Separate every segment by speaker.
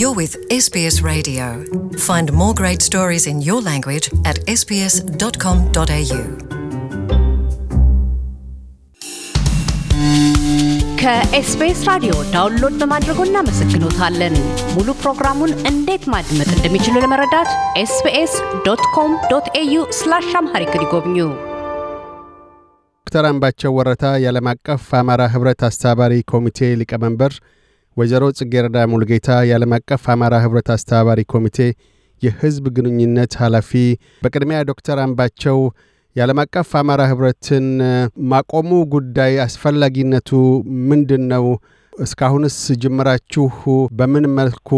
Speaker 1: You're with SBS Radio. Find more great stories in your language at sbs.com.au. ከኤስቢኤስ ራዲዮ ዳውንሎድ በማድረጎ እናመሰግኖታለን።
Speaker 2: ሙሉ ፕሮግራሙን እንዴት ማድመጥ እንደሚችሉ ለመረዳት ኤስቢኤስ ዶት ኮም ዶት ኤዩ ስላሽ አምሃሪክ ይጎብኙ።
Speaker 1: ዶክተር አምባቸው ወረታ የዓለም አቀፍ አማራ ህብረት አስተባባሪ ኮሚቴ ሊቀመንበር ወይዘሮ ጽጌረዳ ሙልጌታ የዓለም አቀፍ አማራ ህብረት አስተባባሪ ኮሚቴ የህዝብ ግንኙነት ኃላፊ። በቅድሚያ ዶክተር አምባቸው የዓለም አቀፍ አማራ ህብረትን ማቆሙ ጉዳይ አስፈላጊነቱ ምንድን ነው? እስካሁንስ ጅምራችሁ በምን መልኩ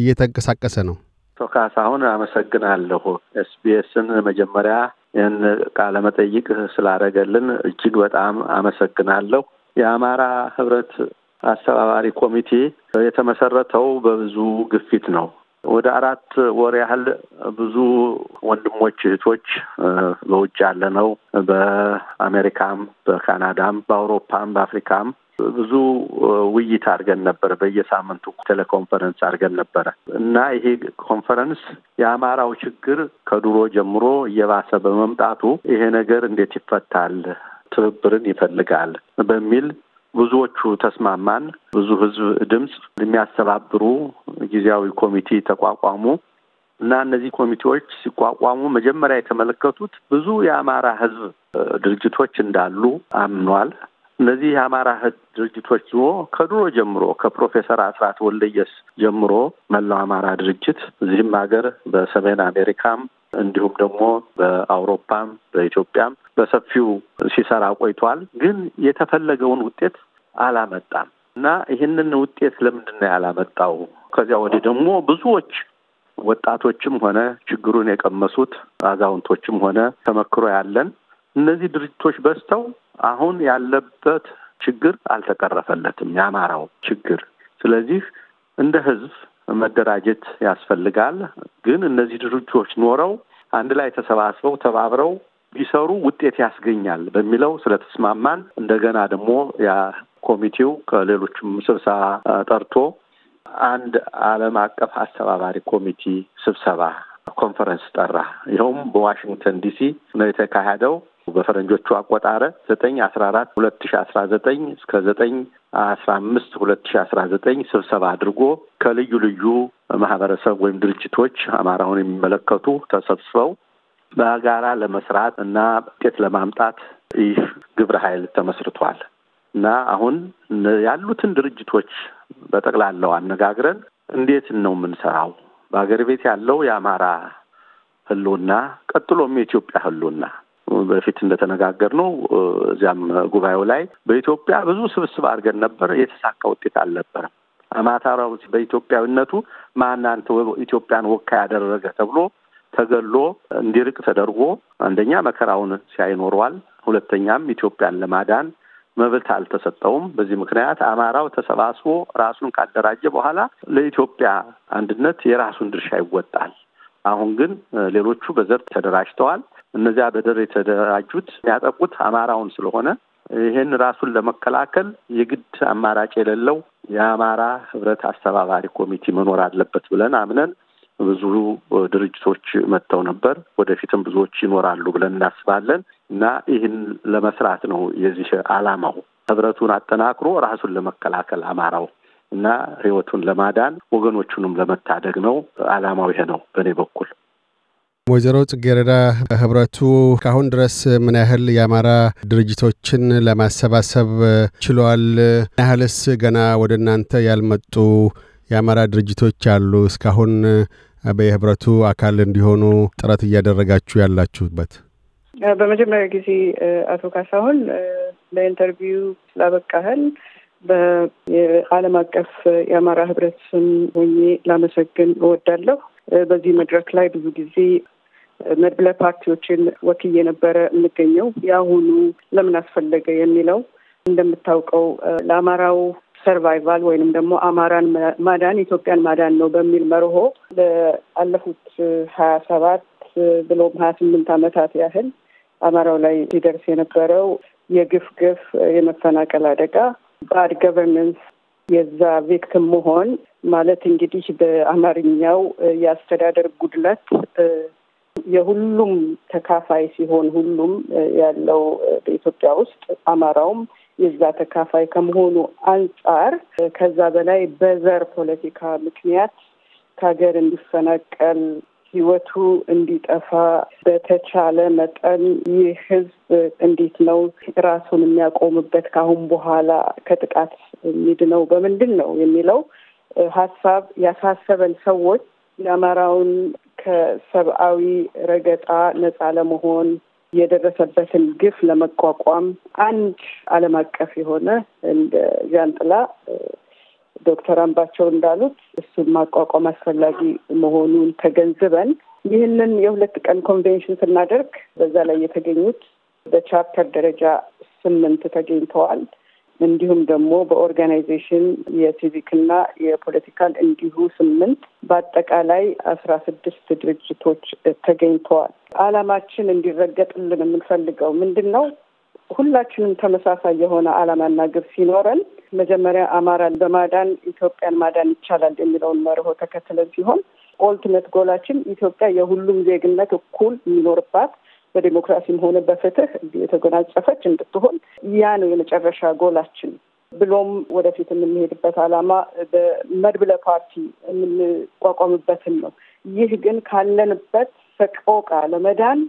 Speaker 1: እየተንቀሳቀሰ ነው?
Speaker 3: አቶ ካሳሁን አመሰግናለሁ። ኤስቢኤስን መጀመሪያ ይህን ቃለ መጠይቅ ስላደረገልን እጅግ በጣም አመሰግናለሁ። የአማራ ህብረት አስተባባሪ ኮሚቴ የተመሰረተው በብዙ ግፊት ነው። ወደ አራት ወር ያህል ብዙ ወንድሞች እህቶች በውጭ ያለ ነው በአሜሪካም፣ በካናዳም፣ በአውሮፓም በአፍሪካም ብዙ ውይይት አድርገን ነበር። በየሳምንቱ ቴሌኮንፈረንስ አድርገን ነበረ እና ይሄ ኮንፈረንስ የአማራው ችግር ከድሮ ጀምሮ እየባሰ በመምጣቱ ይሄ ነገር እንዴት ይፈታል፣ ትብብርን ይፈልጋል በሚል ብዙዎቹ ተስማማን። ብዙ ህዝብ ድምፅ የሚያስተባብሩ ጊዜያዊ ኮሚቴ ተቋቋሙ እና እነዚህ ኮሚቴዎች ሲቋቋሙ መጀመሪያ የተመለከቱት ብዙ የአማራ ህዝብ ድርጅቶች እንዳሉ አምኗል። እነዚህ የአማራ ህዝብ ድርጅቶች ደግሞ ከድሮ ጀምሮ ከፕሮፌሰር አስራት ወልደየስ ጀምሮ መላው አማራ ድርጅት እዚህም ሀገር በሰሜን አሜሪካም እንዲሁም ደግሞ በአውሮፓም በኢትዮጵያም በሰፊው ሲሰራ ቆይቷል። ግን የተፈለገውን ውጤት አላመጣም እና ይህንን ውጤት ለምንድን ነው ያላመጣው? ከዚያ ወዲህ ደግሞ ብዙዎች ወጣቶችም ሆነ ችግሩን የቀመሱት አዛውንቶችም ሆነ ተመክሮ ያለን እነዚህ ድርጅቶች በዝተው አሁን ያለበት ችግር አልተቀረፈለትም፣ የአማራው ችግር። ስለዚህ እንደ ህዝብ መደራጀት ያስፈልጋል። ግን እነዚህ ድርጅቶች ኖረው አንድ ላይ ተሰባስበው ተባብረው ቢሰሩ ውጤት ያስገኛል በሚለው ስለተስማማን እንደገና ደግሞ ያ ኮሚቴው ከሌሎችም ስብሰባ ጠርቶ አንድ ዓለም አቀፍ አስተባባሪ ኮሚቴ ስብሰባ ኮንፈረንስ ጠራ። ይኸውም በዋሽንግተን ዲሲ ነው የተካሄደው። በፈረንጆቹ አቆጣረ ዘጠኝ አስራ አራት ሁለት ሺ አስራ ዘጠኝ እስከ ዘጠኝ አስራ አምስት ሁለት ሺ አስራ ዘጠኝ ስብሰባ አድርጎ ከልዩ ልዩ ማህበረሰብ ወይም ድርጅቶች አማራውን የሚመለከቱ ተሰብስበው በጋራ ለመስራት እና ውጤት ለማምጣት ይህ ግብረ ኃይል ተመስርቷል እና አሁን ያሉትን ድርጅቶች በጠቅላላው አነጋግረን እንዴት ነው የምንሰራው በሀገር ቤት ያለው የአማራ ህልውና ቀጥሎም የኢትዮጵያ ህልውና በፊት እንደተነጋገር ነው። እዚያም ጉባኤው ላይ በኢትዮጵያ ብዙ ስብስብ አድርገን ነበር። የተሳካ ውጤት አልነበረም። አማታራው በኢትዮጵያዊነቱ ማናንተ ኢትዮጵያን ወካ ያደረገ ተብሎ ተገሎ እንዲርቅ ተደርጎ አንደኛ መከራውን ሲያይኖረዋል፣ ሁለተኛም ኢትዮጵያን ለማዳን መብት አልተሰጠውም። በዚህ ምክንያት አማራው ተሰባስቦ ራሱን ካደራጀ በኋላ ለኢትዮጵያ አንድነት የራሱን ድርሻ ይወጣል። አሁን ግን ሌሎቹ በዘር ተደራጅተዋል። እነዚያ በደር የተደራጁት ያጠቁት አማራውን ስለሆነ ይህን ራሱን ለመከላከል የግድ አማራጭ የሌለው የአማራ ህብረት አስተባባሪ ኮሚቴ መኖር አለበት ብለን አምነን ብዙ ድርጅቶች መጥተው ነበር። ወደፊትም ብዙዎች ይኖራሉ ብለን እናስባለን እና ይህን ለመስራት ነው የዚህ አላማው ህብረቱን አጠናክሮ ራሱን ለመከላከል አማራው እና ህይወቱን ለማዳን ወገኖቹንም ለመታደግ ነው። አላማው ይሄ ነው በእኔ በኩል።
Speaker 1: ወይዘሮ ጽጌረዳ ህብረቱ ከአሁን ድረስ ምን ያህል የአማራ ድርጅቶችን ለማሰባሰብ ችሏል? ምን ያህልስ ገና ወደ እናንተ ያልመጡ የአማራ ድርጅቶች አሉ። እስካሁን በህብረቱ አካል እንዲሆኑ ጥረት እያደረጋችሁ ያላችሁበት
Speaker 2: በመጀመሪያ ጊዜ አቶ ካሳሁን ለኢንተርቪው ስላበቃህል በአለም አቀፍ የአማራ ህብረት ስም ሆኜ ላመሰግን እወዳለሁ። በዚህ መድረክ ላይ ብዙ ጊዜ መድብለ ፓርቲዎችን ወክዬ የነበረ የምገኘው የአሁኑ ለምን አስፈለገ የሚለው እንደምታውቀው ለአማራው ሰርቫይቫል ወይንም ደግሞ አማራን ማዳን ኢትዮጵያን ማዳን ነው በሚል መርሆ ለአለፉት ሀያ ሰባት ብሎም ሀያ ስምንት ዓመታት ያህል አማራው ላይ ሲደርስ የነበረው የግፍ ግፍ፣ የመፈናቀል አደጋ፣ ባድ ገቨርነንስ የዛ ቪክትም መሆን ማለት እንግዲህ በአማርኛው የአስተዳደር ጉድለት የሁሉም ተካፋይ ሲሆን ሁሉም ያለው በኢትዮጵያ ውስጥ አማራውም የዛ ተካፋይ ከመሆኑ አንጻር ከዛ በላይ በዘር ፖለቲካ ምክንያት ከሀገር እንዲፈናቀል ህይወቱ እንዲጠፋ በተቻለ መጠን ይህ ህዝብ እንዴት ነው ራሱን የሚያቆምበት ከአሁን በኋላ ከጥቃት ነው በምንድን ነው የሚለው ሀሳብ ያሳሰበን ሰዎች የአማራውን ከሰብአዊ ረገጣ ነጻ ለመሆን የደረሰበትን ግፍ ለመቋቋም አንድ ዓለም አቀፍ የሆነ እንደ ዣንጥላ ዶክተር አምባቸው እንዳሉት እሱን ማቋቋም አስፈላጊ መሆኑን ተገንዝበን ይህንን የሁለት ቀን ኮንቬንሽን ስናደርግ በዛ ላይ የተገኙት በቻፕተር ደረጃ ስምንት ተገኝተዋል። እንዲሁም ደግሞ በኦርጋናይዜሽን የሲቪክና የፖለቲካል እንዲሁ ስምንት በአጠቃላይ አስራ ስድስት ድርጅቶች ተገኝተዋል። አላማችን እንዲረገጥልን የምንፈልገው ምንድን ነው? ሁላችንም ተመሳሳይ የሆነ አላማና ግብ ሲኖረን መጀመሪያ አማራን በማዳን ኢትዮጵያን ማዳን ይቻላል የሚለውን መርሆ ተከትለን ሲሆን ኦልትነት ጎላችን ኢትዮጵያ የሁሉም ዜግነት እኩል የሚኖርባት በዴሞክራሲም ሆነ በፍትህ የተጎናጸፈች እንድትሆን ያ ነው የመጨረሻ ጎላችን። ብሎም ወደፊት የምንሄድበት ዓላማ በመድብለ ፓርቲ የምንቋቋምበትን ነው። ይህ ግን ካለንበት ሰቆቃ ለመዳን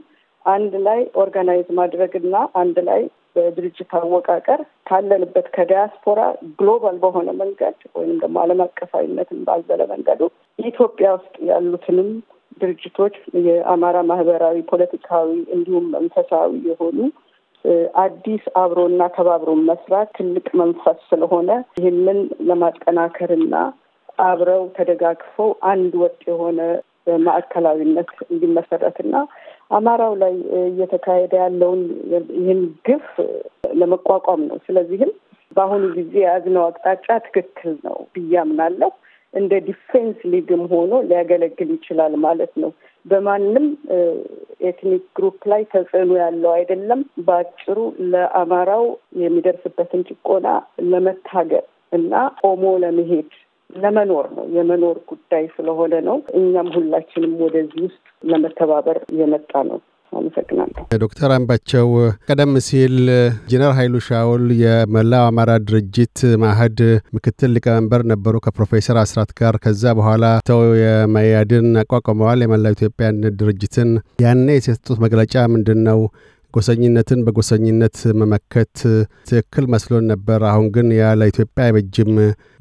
Speaker 2: አንድ ላይ ኦርጋናይዝ ማድረግና አንድ ላይ በድርጅት አወቃቀር ካለንበት ከዲያስፖራ ግሎባል በሆነ መንገድ ወይም ደግሞ ዓለም አቀፋዊነትን ባዘለ መንገዱ ኢትዮጵያ ውስጥ ያሉትንም ድርጅቶች የአማራ ማህበራዊ፣ ፖለቲካዊ እንዲሁም መንፈሳዊ የሆኑ አዲስ አብሮና ተባብሮ መስራት ትልቅ መንፈስ ስለሆነ ይህንን ለማጠናከርና አብረው ተደጋግፈው አንድ ወጥ የሆነ ማዕከላዊነት እንዲመሰረትና አማራው ላይ እየተካሄደ ያለውን ይህን ግፍ ለመቋቋም ነው። ስለዚህም በአሁኑ ጊዜ የያዝነው አቅጣጫ ትክክል ነው ብዬ አምናለሁ። እንደ ዲፌንስ ሊግም ሆኖ ሊያገለግል ይችላል ማለት ነው። በማንም ኤትኒክ ግሩፕ ላይ ተጽዕኖ ያለው አይደለም። በአጭሩ ለአማራው የሚደርስበትን ጭቆና ለመታገል እና ቆሞ ለመሄድ ለመኖር ነው የመኖር ጉዳይ ስለሆነ ነው። እኛም ሁላችንም ወደዚህ ውስጥ ለመተባበር የመጣ ነው።
Speaker 1: አመሰግናለሁ። ዶክተር አምባቸው ቀደም ሲል ኢንጂነር ኃይሉ ሻውል የመላው አማራ ድርጅት ማህድ ምክትል ሊቀመንበር ነበሩ ከፕሮፌሰር አስራት ጋር። ከዛ በኋላ ተው የመያድን አቋቁመዋል የመላው ኢትዮጵያን ድርጅትን። ያኔ የሰጡት መግለጫ ምንድን ነው? ጎሰኝነትን በጎሰኝነት መመከት ትክክል መስሎን ነበር። አሁን ግን ያ ለኢትዮጵያ አይበጅም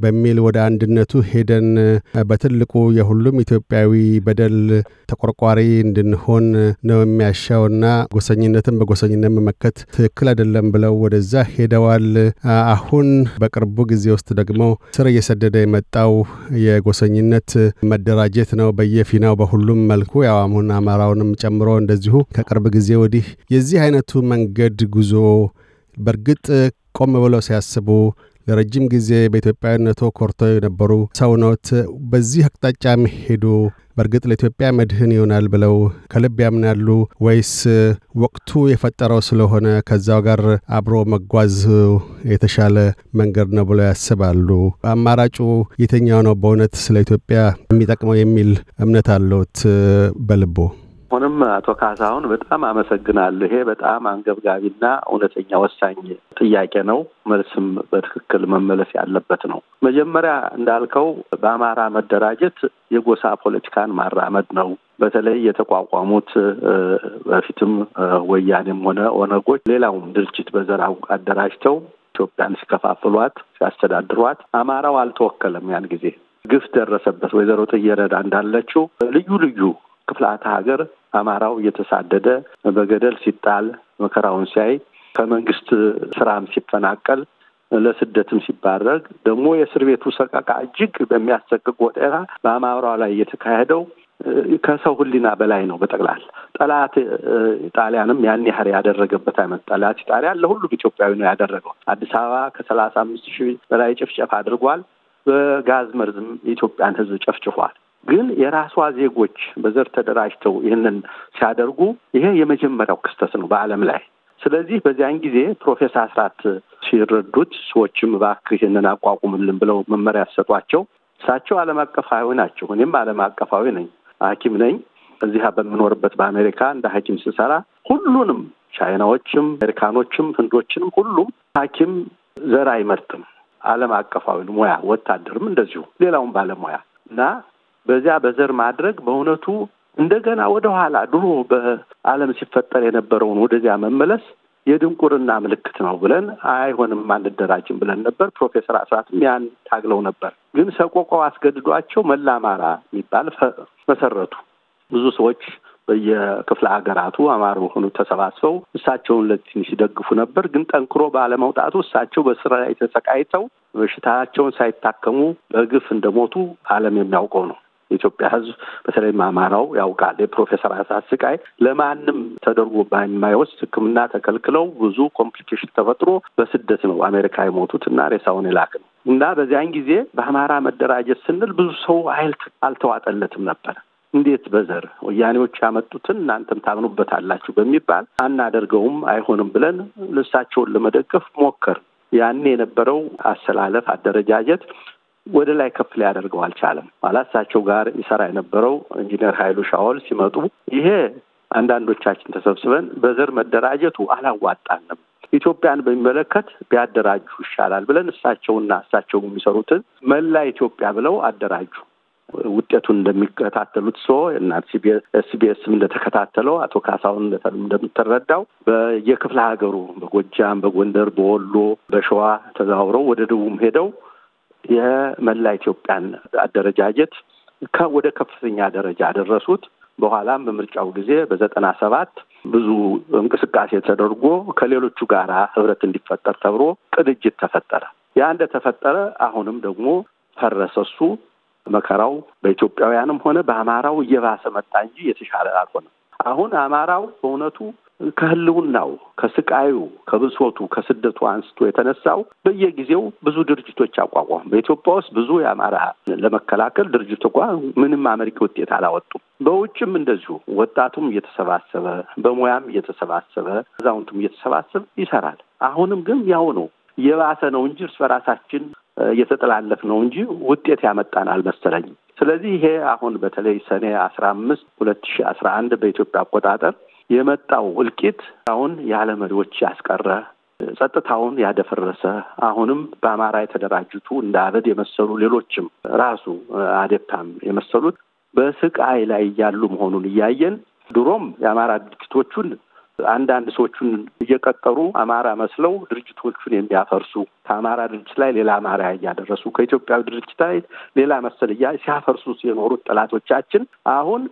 Speaker 1: በሚል ወደ አንድነቱ ሄደን በትልቁ የሁሉም ኢትዮጵያዊ በደል ተቆርቋሪ እንድንሆን ነው የሚያሻውና ጎሰኝነትን በጎሰኝነት መመከት ትክክል አይደለም ብለው ወደዛ ሄደዋል። አሁን በቅርቡ ጊዜ ውስጥ ደግሞ ስር እየሰደደ የመጣው የጎሰኝነት መደራጀት ነው በየፊናው በሁሉም መልኩ ያው አሁን አማራውንም ጨምሮ እንደዚሁ ከቅርብ ጊዜ ወዲህ የዚህ አይነቱ መንገድ ጉዞ በእርግጥ ቆም ብለው ሲያስቡ ለረጅም ጊዜ በኢትዮጵያዊነቶ ኮርቶ የነበሩ ሰውኖት በዚህ አቅጣጫ መሄዱ በእርግጥ ለኢትዮጵያ መድህን ይሆናል ብለው ከልብ ያምናሉ ወይስ ወቅቱ የፈጠረው ስለሆነ ከዛው ጋር አብሮ መጓዝ የተሻለ መንገድ ነው ብለው ያስባሉ? አማራጩ የተኛው ነው? በእውነት ስለ ኢትዮጵያ የሚጠቅመው የሚል እምነት አለት በልቦ?
Speaker 3: አሁንም አቶ ካሳሁን በጣም አመሰግናለሁ። ይሄ በጣም አንገብጋቢና እውነተኛ ወሳኝ ጥያቄ ነው። መልስም በትክክል መመለስ ያለበት ነው። መጀመሪያ እንዳልከው በአማራ መደራጀት የጎሳ ፖለቲካን ማራመድ ነው። በተለይ የተቋቋሙት በፊትም ወያኔም ሆነ ኦነጎች፣ ሌላውም ድርጅት በዘር አደራጅተው ኢትዮጵያን ሲከፋፍሏት፣ ሲያስተዳድሯት አማራው አልተወከለም። ያን ጊዜ ግፍ ደረሰበት። ወይዘሮ ጥየረዳ እንዳለችው ልዩ ልዩ ከክፍላተ ሀገር አማራው እየተሳደደ በገደል ሲጣል መከራውን ሲያይ ከመንግስት ስራም ሲፈናቀል ለስደትም ሲባረግ ደግሞ የእስር ቤቱ ሰቀቃ እጅግ በሚያሰቅቅ ወጤራ በአማራው ላይ የተካሄደው ከሰው ህሊና በላይ ነው። በጠቅላላ ጠላት ጣሊያንም ያን ያህል ያደረገበት አይነት ጠላት ጣሊያን ለሁሉም ኢትዮጵያዊ ነው ያደረገው። አዲስ አበባ ከሰላሳ አምስት ሺህ በላይ ጭፍጨፍ አድርጓል። በጋዝ መርዝም የኢትዮጵያን ህዝብ ጨፍጭፏል። ግን የራሷ ዜጎች በዘር ተደራጅተው ይህንን ሲያደርጉ ይሄ የመጀመሪያው ክስተት ነው በዓለም ላይ። ስለዚህ በዚያን ጊዜ ፕሮፌሰር አስራት ሲረዱት ሰዎችም እባክህ ይህንን አቋቁምልን ብለው መመሪያ ሰጧቸው። እሳቸው ዓለም አቀፋዊ ናቸው። እኔም ዓለም አቀፋዊ ነኝ፣ ሐኪም ነኝ። እዚህ በምኖርበት በአሜሪካ እንደ ሐኪም ስሰራ ሁሉንም ቻይናዎችም፣ አሜሪካኖችም፣ ህንዶችንም ሁሉም ሐኪም ዘር አይመርጥም። ዓለም አቀፋዊ ሙያ ወታደርም እንደዚሁ ሌላውም ባለሙያ እና በዚያ በዘር ማድረግ በእውነቱ እንደገና ወደ ኋላ ድሮ በዓለም ሲፈጠር የነበረውን ወደዚያ መመለስ የድንቁርና ምልክት ነው ብለን አይሆንም፣ አንደራጅም ብለን ነበር። ፕሮፌሰር አስራትም ያን ታግለው ነበር። ግን ሰቆቃው አስገድዷቸው መላ አማራ የሚባል መሰረቱ። ብዙ ሰዎች በየክፍለ ሀገራቱ አማራ ሆኑ ተሰባስበው እሳቸውን ለትንሽ ሲደግፉ ነበር። ግን ጠንክሮ ባለመውጣቱ እሳቸው በስራ ላይ ተሰቃይተው በሽታቸውን ሳይታከሙ በግፍ እንደሞቱ ዓለም የሚያውቀው ነው። የኢትዮጵያ ሕዝብ በተለይም አማራው ያውቃል። የፕሮፌሰር አሳዝ ስቃይ ለማንም ተደርጎ በማይወስድ ሕክምና ተከልክለው ብዙ ኮምፕሊኬሽን ተፈጥሮ በስደት ነው አሜሪካ የሞቱት እና ሬሳውን የላክ ነው እና በዚያን ጊዜ በአማራ መደራጀት ስንል ብዙ ሰው አይል አልተዋጠለትም ነበር። እንዴት በዘር ወያኔዎች ያመጡትን እናንተም ታምኑበታላችሁ በሚባል አናደርገውም፣ አይሆንም ብለን ልሳቸውን ለመደገፍ ሞከር። ያኔ የነበረው አሰላለፍ አደረጃጀት ወደ ላይ ከፍ ሊያደርገው አልቻለም። ማለት እሳቸው ጋር ይሰራ የነበረው ኢንጂነር ኃይሉ ሻወል ሲመጡ ይሄ አንዳንዶቻችን ተሰብስበን በዘር መደራጀቱ አላዋጣንም፣ ኢትዮጵያን በሚመለከት ቢያደራጁ ይሻላል ብለን እሳቸውና እሳቸው የሚሰሩትን መላ ኢትዮጵያ ብለው አደራጁ። ውጤቱን እንደሚከታተሉት ሶ እና ሲቢኤስም እንደተከታተለው አቶ ካሳሁን እንደምትረዳው በየክፍለ ሀገሩ በጎጃም፣ በጎንደር፣ በወሎ፣ በሸዋ ተዛውረው ወደ ደቡብም ሄደው የመላ ኢትዮጵያን አደረጃጀት ወደ ከፍተኛ ደረጃ ያደረሱት። በኋላም በምርጫው ጊዜ በዘጠና ሰባት ብዙ እንቅስቃሴ ተደርጎ ከሌሎቹ ጋር ህብረት እንዲፈጠር ተብሎ ቅንጅት ተፈጠረ። ያ እንደተፈጠረ አሁንም ደግሞ ፈረሰሱ። መከራው በኢትዮጵያውያንም ሆነ በአማራው እየባሰ መጣ እንጂ የተሻለ አልሆነም። አሁን አማራው በእውነቱ ከህልውናው፣ ከስቃዩ፣ ከብሶቱ፣ ከስደቱ አንስቶ የተነሳው በየጊዜው ብዙ ድርጅቶች አቋቋም። በኢትዮጵያ ውስጥ ብዙ የአማራ ለመከላከል ድርጅት እኳ ምንም አመርቂ ውጤት አላወጡም። በውጭም እንደዚሁ ወጣቱም እየተሰባሰበ በሙያም እየተሰባሰበ አዛውንቱም እየተሰባሰበ ይሰራል። አሁንም ግን ያው ነው የባሰ ነው እንጂ እርስ በራሳችን እየተጠላለፍ ነው እንጂ ውጤት ያመጣን አልመሰለኝም። ስለዚህ ይሄ አሁን በተለይ ሰኔ አስራ አምስት ሁለት ሺ አስራ አንድ በኢትዮጵያ አቆጣጠር የመጣው እልቂት አሁን ያለ መሪዎች ያስቀረ ጸጥታውን ያደፈረሰ አሁንም በአማራ የተደራጁቱ እንደ አበድ የመሰሉ ሌሎችም ራሱ አደብታም የመሰሉት በስቃይ ላይ ያሉ መሆኑን እያየን ድሮም የአማራ ድርጅቶቹን አንዳንድ ሰዎቹን እየቀጠሩ አማራ መስለው ድርጅቶቹን የሚያፈርሱ ከአማራ ድርጅት ላይ ሌላ አማራ እያደረሱ ከኢትዮጵያዊ ድርጅት ላይ ሌላ መሰል እያ ሲያፈርሱ የኖሩት ጠላቶቻችን አሁን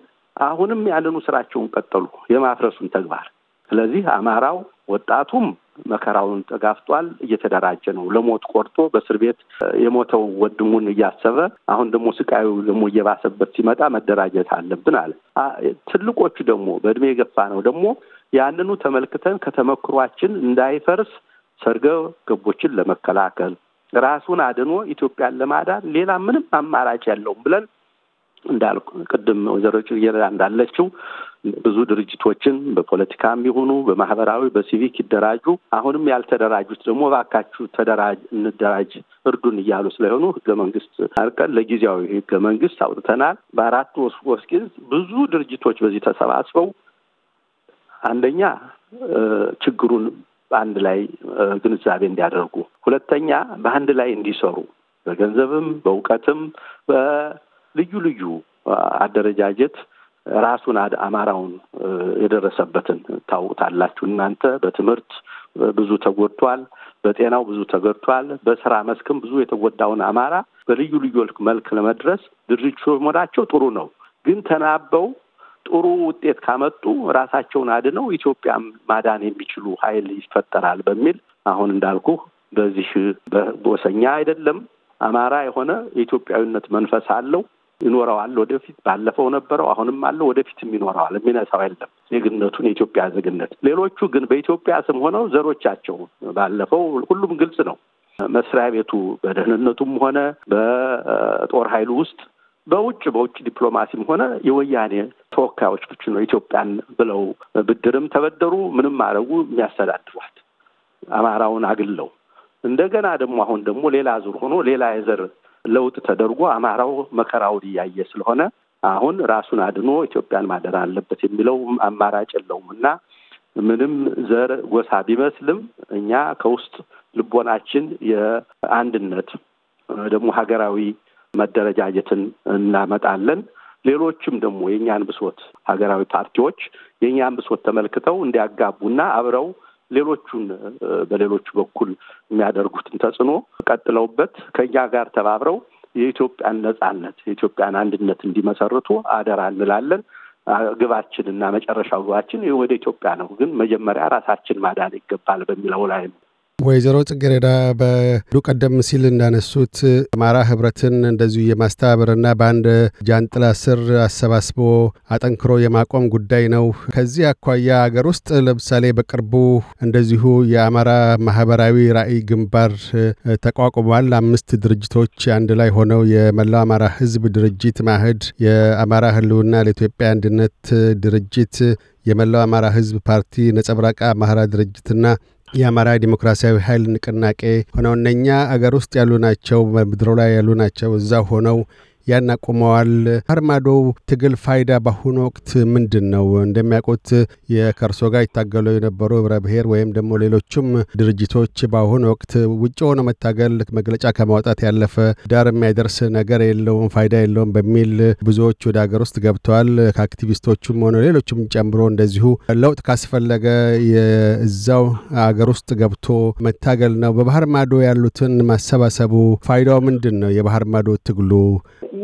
Speaker 3: አሁንም ያንኑ ስራቸውን ቀጠሉ፣ የማፍረሱን ተግባር። ስለዚህ አማራው ወጣቱም መከራውን ተጋፍጧል፣ እየተደራጀ ነው። ለሞት ቆርጦ በእስር ቤት የሞተው ወንድሙን እያሰበ አሁን ደግሞ ስቃዩ ደግሞ እየባሰበት ሲመጣ መደራጀት አለብን አለ። ትልቆቹ ደግሞ በእድሜ የገፋ ነው ደግሞ ያንኑ ተመልክተን ከተመክሯችን እንዳይፈርስ ሰርገ ገቦችን ለመከላከል ራሱን አድኖ ኢትዮጵያን ለማዳን ሌላ ምንም አማራጭ ያለውም ብለን እንዳልኩ ቅድም ወይዘሮ ጭጌራ እንዳለችው ብዙ ድርጅቶችን በፖለቲካም ይሁኑ በማህበራዊ በሲቪክ ይደራጁ። አሁንም ያልተደራጁት ደግሞ እባካችሁ ተደራጅ፣ እንደራጅ፣ እርዱን እያሉ ስለሆኑ ህገ መንግስት አርቀን ለጊዜያዊ ህገ መንግስት አውጥተናል። በአራት ወር ብዙ ድርጅቶች በዚህ ተሰባስበው አንደኛ ችግሩን በአንድ ላይ ግንዛቤ እንዲያደርጉ፣ ሁለተኛ በአንድ ላይ እንዲሰሩ በገንዘብም በእውቀትም ልዩ ልዩ አደረጃጀት ራሱን አማራውን የደረሰበትን ታውቁታላችሁ እናንተ በትምህርት ብዙ ተጎድቷል፣ በጤናው ብዙ ተጎድቷል፣ በስራ መስክም ብዙ የተጎዳውን አማራ በልዩ ልዩ መልክ ለመድረስ ድርጅቶ መሆናቸው ጥሩ ነው። ግን ተናበው ጥሩ ውጤት ካመጡ ራሳቸውን አድነው ኢትዮጵያ ማዳን የሚችሉ ኃይል ይፈጠራል በሚል አሁን እንዳልኩ በዚህ በወሰኛ አይደለም አማራ የሆነ የኢትዮጵያዊነት መንፈስ አለው። ይኖረዋል። ወደፊት ባለፈው ነበረው፣ አሁንም አለው፣ ወደፊትም ይኖረዋል። የሚነሳው የለም ዜግነቱን፣ የኢትዮጵያ ዜግነት። ሌሎቹ ግን በኢትዮጵያ ስም ሆነው ዘሮቻቸው ባለፈው ሁሉም ግልጽ ነው። መስሪያ ቤቱ በደህንነቱም ሆነ በጦር ኃይሉ ውስጥ በውጭ በውጭ ዲፕሎማሲም ሆነ የወያኔ ተወካዮች ብቻ ነው ኢትዮጵያን ብለው ብድርም ተበደሩ ምንም አረጉ የሚያስተዳድሯት አማራውን አግለው እንደገና ደግሞ አሁን ደግሞ ሌላ ዙር ሆኖ ሌላ የዘር ለውጥ ተደርጎ አማራው መከራውን እያየ ስለሆነ አሁን ራሱን አድኖ ኢትዮጵያን ማደር አለበት የሚለው አማራጭ የለውም እና ምንም ዘር ጎሳ ቢመስልም እኛ ከውስጥ ልቦናችን የአንድነት ደግሞ ሀገራዊ መደረጃጀትን እናመጣለን። ሌሎችም ደግሞ የእኛን ብሶት ሀገራዊ ፓርቲዎች የእኛን ብሶት ተመልክተው እንዲያጋቡና አብረው ሌሎቹን በሌሎቹ በኩል የሚያደርጉትን ተጽዕኖ ቀጥለውበት ከእኛ ጋር ተባብረው የኢትዮጵያን ነጻነት የኢትዮጵያን አንድነት እንዲመሰርቱ አደራ እንላለን። ግባችን እና መጨረሻው ግባችን ወደ ኢትዮጵያ ነው፣ ግን መጀመሪያ ራሳችን ማዳን ይገባል በሚለው ላይ
Speaker 1: ወይዘሮ ጽጌረዳ በሉ ቀደም ሲል እንዳነሱት አማራ ህብረትን እንደዚሁ የማስተባበርና በአንድ ጃንጥላ ስር አሰባስቦ አጠንክሮ የማቆም ጉዳይ ነው። ከዚህ አኳያ አገር ውስጥ ለምሳሌ በቅርቡ እንደዚሁ የአማራ ማህበራዊ ራዕይ ግንባር ተቋቁሟል። አምስት ድርጅቶች አንድ ላይ ሆነው የመላው አማራ ህዝብ ድርጅት ማህድ፣ የአማራ ህልውና ለኢትዮጵያ አንድነት ድርጅት የመላው አማራ ህዝብ ፓርቲ ነጸብራቃ አማራ ድርጅትና የአማራ ዲሞክራሲያዊ ኃይል ንቅናቄ ሆነው እነኛ አገር ውስጥ ያሉ ናቸው፣ በምድሮ ላይ ያሉ ናቸው። እዛ ሆነው ያን አቁመዋል። ባህር ትግል ፋይዳ በአሁኑ ወቅት ምንድን ነው? እንደሚያውቁት የከርሶ ጋር ይታገሉ የነበሩ ህብረ ብሔር ወይም ደግሞ ሌሎችም ድርጅቶች በአሁኑ ወቅት ውጭ ሆነ መታገል መግለጫ ከማውጣት ያለፈ ዳር የሚያደርስ ነገር የለውም፣ ፋይዳ የለውም በሚል ብዙዎች ወደ ሀገር ውስጥ ገብተዋል። ከአክቲቪስቶቹም ሆነ ሌሎችም ጨምሮ እንደዚሁ ለውጥ ካስፈለገ የዛው አገር ውስጥ ገብቶ መታገል ነው። በባህር ማዶ ያሉትን ማሰባሰቡ ፋይዳው ምንድን ነው? የባህር ማዶ ትግሉ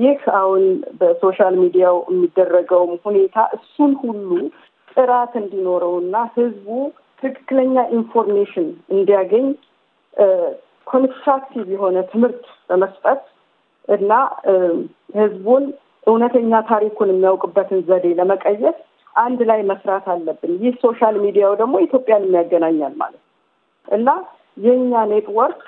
Speaker 2: ይህ አሁን በሶሻል ሚዲያው የሚደረገውም ሁኔታ እሱን ሁሉ ጥራት እንዲኖረው እና ህዝቡ ትክክለኛ ኢንፎርሜሽን እንዲያገኝ ኮንስትራክቲቭ የሆነ ትምህርት በመስጠት እና ህዝቡን እውነተኛ ታሪኩን የሚያውቅበትን ዘዴ ለመቀየስ አንድ ላይ መስራት አለብን። ይህ ሶሻል ሚዲያው ደግሞ ኢትዮጵያን የሚያገናኛል ማለት ነው እና የእኛ ኔትወርክ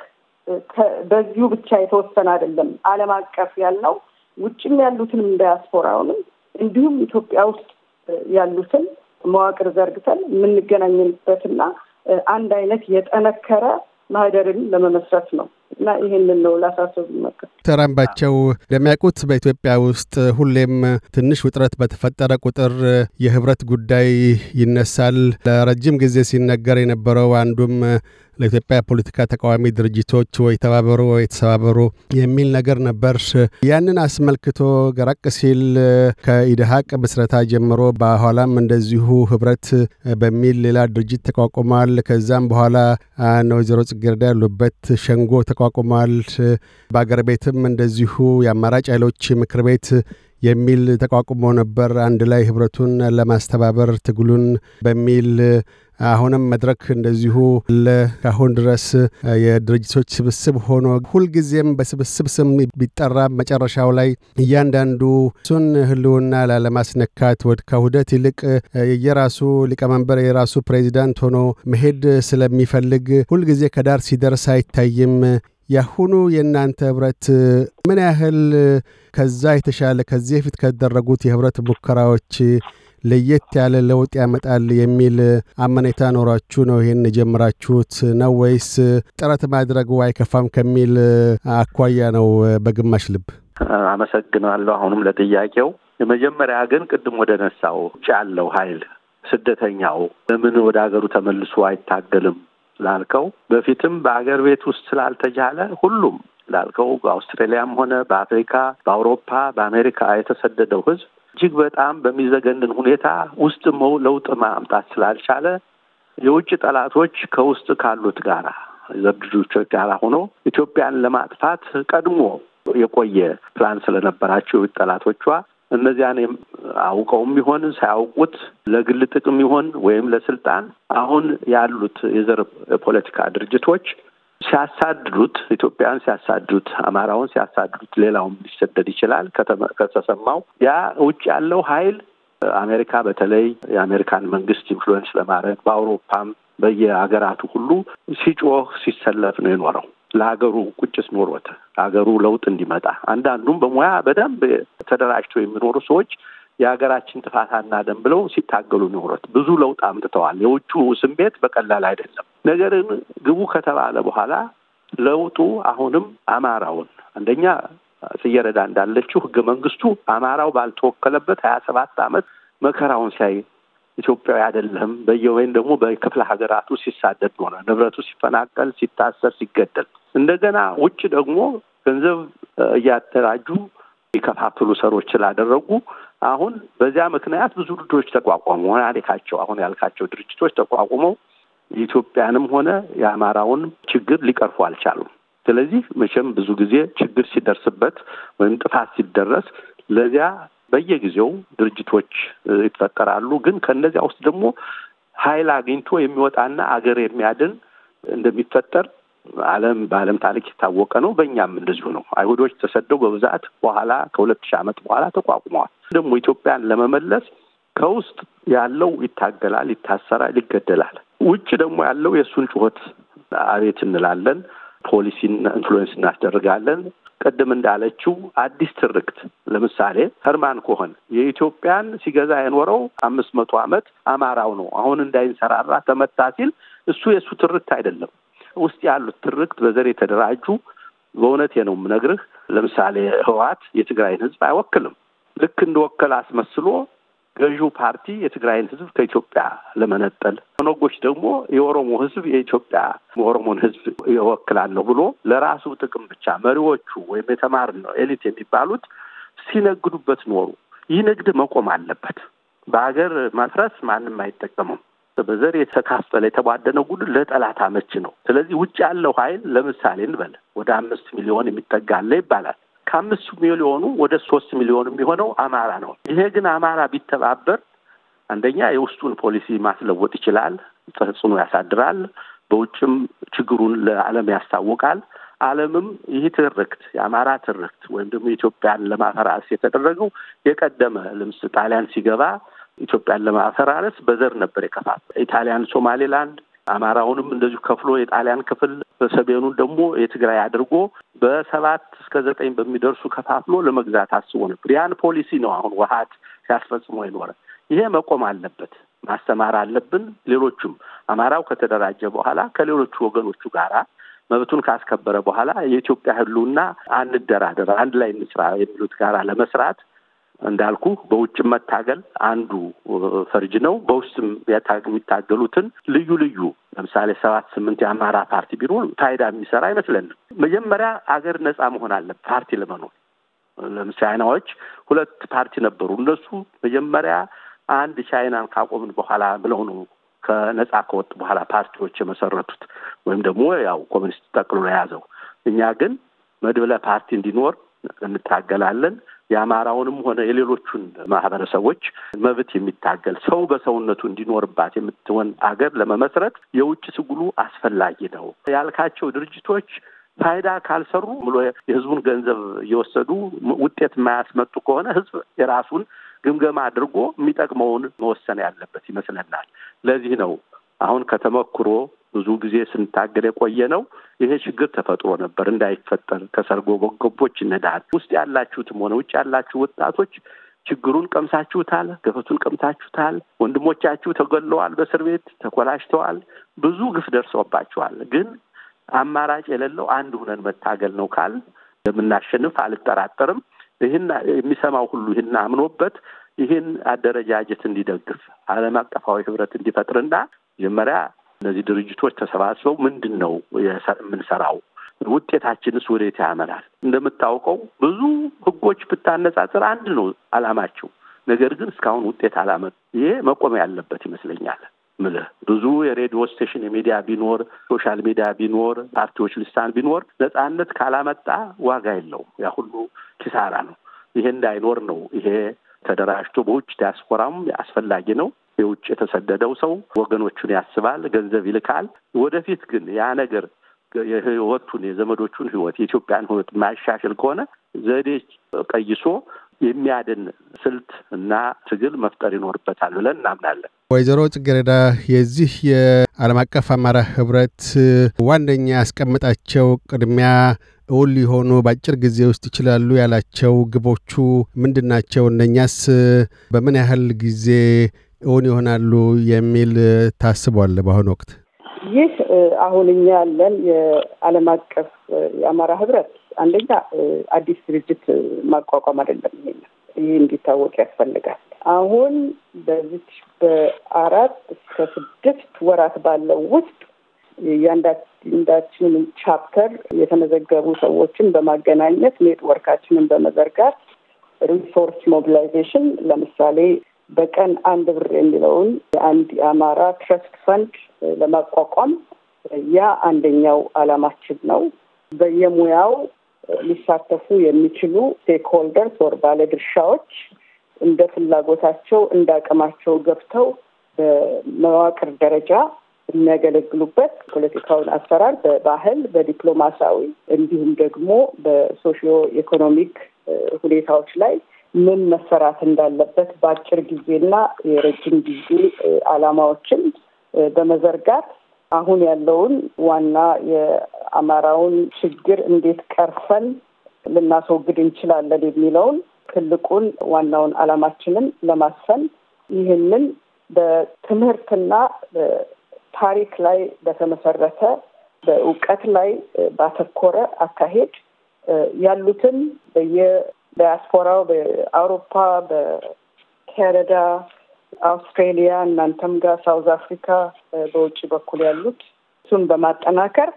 Speaker 2: በዚሁ ብቻ የተወሰነ አይደለም። ዓለም አቀፍ ያልነው ውጭም ያሉትንም ዳያስፖራውንም እንዲሁም ኢትዮጵያ ውስጥ ያሉትን መዋቅር ዘርግተን የምንገናኝበትና አንድ አይነት የጠነከረ ማህደርን ለመመስረት ነው። እና ይህንን ነው ላሳስብ
Speaker 1: ተራምባቸው ለሚያውቁት በኢትዮጵያ ውስጥ ሁሌም ትንሽ ውጥረት በተፈጠረ ቁጥር የህብረት ጉዳይ ይነሳል። ለረጅም ጊዜ ሲነገር የነበረው አንዱም ለኢትዮጵያ ፖለቲካ ተቃዋሚ ድርጅቶች ወይ ተባበሩ ወይ ተሰባበሩ የሚል ነገር ነበር። ያንን አስመልክቶ ገራቅ ሲል ከኢድሀቅ ምስረታ ጀምሮ በኋላም እንደዚሁ ህብረት በሚል ሌላ ድርጅት ተቋቁሟል። ከዛም በኋላ እነ ወይዘሮ ጽጌረዳ ያሉበት ሸንጎ ተቋቁሟል። በአገር ቤትም እንደዚሁ የአማራጭ ኃይሎች ምክር ቤት የሚል ተቋቁሞ ነበር። አንድ ላይ ህብረቱን ለማስተባበር ትግሉን በሚል አሁንም መድረክ እንደዚሁ ለካሁን ድረስ የድርጅቶች ስብስብ ሆኖ ሁልጊዜም በስብስብ ስም ቢጠራ መጨረሻው ላይ እያንዳንዱ እሱን ህልውና ላለማስነካት ወድ ከውህደት ይልቅ የየራሱ ሊቀመንበር የራሱ ፕሬዚዳንት ሆኖ መሄድ ስለሚፈልግ ሁልጊዜ ከዳር ሲደርስ አይታይም። ያሁኑ የእናንተ ህብረት ምን ያህል ከዛ የተሻለ ከዚህ በፊት ከደረጉት የህብረት ሙከራዎች ለየት ያለ ለውጥ ያመጣል የሚል አመኔታ ኖሯችሁ ነው ይህን የጀምራችሁት ነው ወይስ ጥረት ማድረጉ አይከፋም ከሚል አኳያ ነው? በግማሽ ልብ
Speaker 3: አመሰግናለሁ። አሁንም ለጥያቄው የመጀመሪያ ግን ቅድም ወደ ነሳው ውጭ ያለው ኃይል ስደተኛው ለምን ወደ ሀገሩ ተመልሶ አይታገልም ላልከው በፊትም በአገር ቤት ውስጥ ስላልተቻለ ሁሉም ላልከው በአውስትራሊያም ሆነ በአፍሪካ፣ በአውሮፓ፣ በአሜሪካ የተሰደደው ህዝብ እጅግ በጣም በሚዘገንን ሁኔታ ውስጥ ለውጥ ማምጣት ስላልቻለ የውጭ ጠላቶች ከውስጥ ካሉት ጋራ ዘብድጆች ጋር ሆኖ ኢትዮጵያን ለማጥፋት ቀድሞ የቆየ ፕላን ስለነበራቸው ጠላቶቿ እነዚያን አውቀውም ይሆን ሳያውቁት ለግል ጥቅም ይሆን ወይም ለስልጣን አሁን ያሉት የዘር ፖለቲካ ድርጅቶች ሲያሳድዱት ኢትዮጵያን ሲያሳድዱት አማራውን ሲያሳድዱት ሌላውም ሊሰደድ ይችላል ከተሰማው ያ ውጭ ያለው ኃይል አሜሪካ በተለይ የአሜሪካን መንግስት ኢንፍሉዌንስ ለማድረግ በአውሮፓም በየሀገራቱ ሁሉ ሲጮህ ሲሰለፍ ነው የኖረው። ለሀገሩ ቁጭት ኖሮት ሀገሩ ለውጥ እንዲመጣ አንዳንዱም በሙያ በደንብ ተደራጅተው የሚኖሩ ሰዎች የሀገራችን ጥፋት አናደን ብለው ሲታገሉ ኖሮት ብዙ ለውጥ አምጥተዋል። የውጩ ስሜት በቀላል አይደለም። ነገርን ግቡ ከተባለ በኋላ ለውጡ አሁንም አማራውን አንደኛ ስየረዳ እንዳለችው ህገ መንግስቱ አማራው ባልተወከለበት ሀያ ሰባት ዓመት መከራውን ሲያይ ኢትዮጵያዊ አይደለም በየ ደግሞ በክፍለ ሀገራቱ ሲሳደድ ሆነ ንብረቱ ሲፈናቀል፣ ሲታሰር፣ ሲገደል እንደገና ውጭ ደግሞ ገንዘብ እያደራጁ የከፋፍሉ ሰሮች ስላደረጉ አሁን በዚያ ምክንያት ብዙ ልጆች ተቋቋሙ። ያልካቸው አሁን ያልካቸው ድርጅቶች ተቋቁመው የኢትዮጵያንም ሆነ የአማራውን ችግር ሊቀርፉ አልቻሉም። ስለዚህ መቼም ብዙ ጊዜ ችግር ሲደርስበት ወይም ጥፋት ሲደረስ ለዚያ በየጊዜው ድርጅቶች ይፈጠራሉ። ግን ከእነዚያ ውስጥ ደግሞ ኃይል አግኝቶ የሚወጣና አገር የሚያድን እንደሚፈጠር ዓለም በዓለም ታሪክ የታወቀ ነው። በእኛም እንደዚሁ ነው። አይሁዶች ተሰደው በብዛት በኋላ ከሁለት ሺህ ዓመት በኋላ ተቋቁመዋል። ደግሞ ኢትዮጵያን ለመመለስ ከውስጥ ያለው ይታገላል፣ ይታሰራል፣ ይገደላል። ውጭ ደግሞ ያለው የእሱን ጩኸት አቤት እንላለን። ፖሊሲን ኢንፍሉዌንስ እናስደርጋለን። ቅድም እንዳለችው አዲስ ትርክት ለምሳሌ ህርማን ኮሆን የኢትዮጵያን ሲገዛ የኖረው አምስት መቶ ዓመት አማራው ነው አሁን እንዳይንሰራራ ተመታ ሲል እሱ የእሱ ትርክት አይደለም። ውስጥ ያሉት ትርክት በዘር የተደራጁ በእውነት ነው የምነግርህ። ለምሳሌ ህወሓት የትግራይን ህዝብ አይወክልም። ልክ እንደወከል አስመስሎ ገዢው ፓርቲ የትግራይን ህዝብ ከኢትዮጵያ ለመነጠል፣ ኦነጎች ደግሞ የኦሮሞ ህዝብ የኢትዮጵያ ኦሮሞን ህዝብ ይወክላለሁ ብሎ ለራሱ ጥቅም ብቻ መሪዎቹ ወይም የተማር ነው ኤሊት የሚባሉት ሲነግዱበት ኖሩ። ይህ ንግድ መቆም አለበት። በሀገር መፍረስ ማንም አይጠቀምም። በዘር የተካፈለ የተቧደነ ቡድን ለጠላት አመች ነው። ስለዚህ ውጭ ያለው ኃይል ለምሳሌ እንበል ወደ አምስት ሚሊዮን የሚጠጋ አለ ይባላል። ከአምስት ሚሊዮኑ ወደ ሶስት ሚሊዮን የሚሆነው አማራ ነው። ይሄ ግን አማራ ቢተባበር አንደኛ የውስጡን ፖሊሲ ማስለወጥ ይችላል፣ ተጽዕኖ ያሳድራል፣ በውጭም ችግሩን ለዓለም ያስታውቃል። ዓለምም ይህ ትርክት የአማራ ትርክት ወይም ደግሞ ኢትዮጵያን ለማፈራስ የተደረገው የቀደመ ልምስ ጣሊያን ሲገባ ኢትዮጵያን ለማፈራረስ በዘር ነበር የከፋት ኢታሊያን ሶማሌላንድ አማራውንም እንደዚሁ ከፍሎ የጣሊያን ክፍል ሰሜኑን ደግሞ የትግራይ አድርጎ በሰባት እስከ ዘጠኝ በሚደርሱ ከፋፍሎ ለመግዛት አስቦ ነበር። ያን ፖሊሲ ነው አሁን ውሀት ሲያስፈጽሞ የኖረ። ይሄ መቆም አለበት። ማስተማር አለብን። ሌሎቹም አማራው ከተደራጀ በኋላ ከሌሎቹ ወገኖቹ ጋራ መብቱን ካስከበረ በኋላ የኢትዮጵያ ሕልውና አንደራደር፣ አንድ ላይ እንስራ የሚሉት ጋራ ለመስራት እንዳልኩ በውጭ መታገል አንዱ ፈርጅ ነው። በውስጥም የሚታገሉትን ልዩ ልዩ ለምሳሌ ሰባት ስምንት የአማራ ፓርቲ ቢሮ ታይዳ የሚሰራ አይመስለንም። መጀመሪያ አገር ነጻ መሆን አለ ፓርቲ ለመኖር ለምሳሌ አይናዎች ሁለት ፓርቲ ነበሩ። እነሱ መጀመሪያ አንድ ቻይናን ካቆምን በኋላ ብለው ነው ከነጻ ከወጡ በኋላ ፓርቲዎች የመሰረቱት ወይም ደግሞ ያው ኮሚኒስት ጠቅሎ ነው የያዘው። እኛ ግን መድብለ ፓርቲ እንዲኖር እንታገላለን የአማራውንም ሆነ የሌሎቹን ማህበረሰቦች መብት የሚታገል ሰው በሰውነቱ እንዲኖርባት የምትሆን አገር ለመመስረት የውጭ ስጉሉ አስፈላጊ ነው ያልካቸው ድርጅቶች ፋይዳ ካልሰሩ ብሎ የህዝቡን ገንዘብ እየወሰዱ ውጤት የማያስመጡ ከሆነ ህዝብ የራሱን ግምገማ አድርጎ የሚጠቅመውን መወሰን ያለበት ይመስለናል። ለዚህ ነው አሁን ከተሞክሮ ብዙ ጊዜ ስንታገል የቆየ ነው። ይሄ ችግር ተፈጥሮ ነበር እንዳይፈጠር ከሰርጎ ገቦች ነዳድ ውስጥ ያላችሁትም ሆነ ውጭ ያላችሁ ወጣቶች ችግሩን ቀምሳችሁታል፣ ገፈቱን ቀምሳችሁታል። ወንድሞቻችሁ ተገለዋል፣ በእስር ቤት ተኮላሽተዋል፣ ብዙ ግፍ ደርሶባችኋል። ግን አማራጭ የሌለው አንድ ሁነን መታገል ነው ካል እንደምናሸንፍ አልጠራጠርም። ይህን የሚሰማው ሁሉ ይህን አምኖበት ይህን አደረጃጀት እንዲደግፍ ዓለም አቀፋዊ ህብረት እንዲፈጥርና መጀመሪያ እነዚህ ድርጅቶች ተሰባስበው ምንድን ነው የምንሰራው ውጤታችንስ ወዴት ያመራል? እንደምታውቀው ብዙ ህጎች ብታነጻጽር አንድ ነው አላማቸው። ነገር ግን እስካሁን ውጤት አላመጡ። ይሄ መቆም ያለበት ይመስለኛል። ምልህ ብዙ የሬዲዮ ስቴሽን የሚዲያ ቢኖር ሶሻል ሚዲያ ቢኖር ፓርቲዎች ልሳን ቢኖር ነጻነት ካላመጣ ዋጋ የለውም። ያ ሁሉ ኪሳራ ነው። ይሄ እንዳይኖር ነው። ይሄ ተደራጅቶ በውጭ ዲያስፖራም አስፈላጊ ነው። የውጭ የተሰደደው ሰው ወገኖቹን ያስባል፣ ገንዘብ ይልካል። ወደፊት ግን ያ ነገር የህይወቱን የዘመዶቹን ህይወት የኢትዮጵያን ህይወት የማያሻሽል ከሆነ ዘዴ ቀይሶ የሚያድን ስልት እና ትግል መፍጠር ይኖርበታል ብለን እናምናለን።
Speaker 1: ወይዘሮ ጽጌረዳ የዚህ የዓለም አቀፍ አማራ ህብረት ዋነኛ ያስቀምጣቸው ቅድሚያ እውን ሊሆኑ በአጭር ጊዜ ውስጥ ይችላሉ ያላቸው ግቦቹ ምንድን ናቸው? እነኛስ በምን ያህል ጊዜ እውን ይሆናሉ የሚል ታስቧል? በአሁኑ ወቅት
Speaker 2: ይህ አሁን እኛ ያለን የዓለም አቀፍ የአማራ ህብረት አንደኛ አዲስ ድርጅት ማቋቋም አይደለም። ይህ እንዲታወቅ ያስፈልጋል። አሁን በዚች በአራት እስከ ስድስት ወራት ባለው ውስጥ የአንዳንዳችንን ቻፕተር የተመዘገቡ ሰዎችን በማገናኘት ኔትወርካችንን በመዘርጋት ሪሶርስ ሞቢላይዜሽን ለምሳሌ በቀን አንድ ብር የሚለውን የአንድ የአማራ ትረስት ፈንድ ለማቋቋም ያ አንደኛው አላማችን ነው። በየሙያው ሊሳተፉ የሚችሉ ስቴክሆልደርስ ወር ባለድርሻዎች እንደ ፍላጎታቸው እንደ አቅማቸው ገብተው በመዋቅር ደረጃ የሚያገለግሉበት ፖለቲካውን አሰራር በባህል በዲፕሎማሲያዊ እንዲሁም ደግሞ በሶሽዮ ኢኮኖሚክ ሁኔታዎች ላይ ምን መሰራት እንዳለበት በአጭር ጊዜና የረጅም ጊዜ አላማዎችን በመዘርጋት አሁን ያለውን ዋና የአማራውን ችግር እንዴት ቀርፈን ልናስወግድ እንችላለን የሚለውን ትልቁን ዋናውን አላማችንን ለማስፈን ይህንን በትምህርትና ታሪክ ላይ በተመሰረተ በእውቀት ላይ ባተኮረ አካሄድ ያሉትን በየ ዲያስፖራው በአውሮፓ፣ በካናዳ፣ አውስትሬሊያ፣ እናንተም ጋር ሳውዝ አፍሪካ በውጭ በኩል ያሉት እሱን በማጠናከር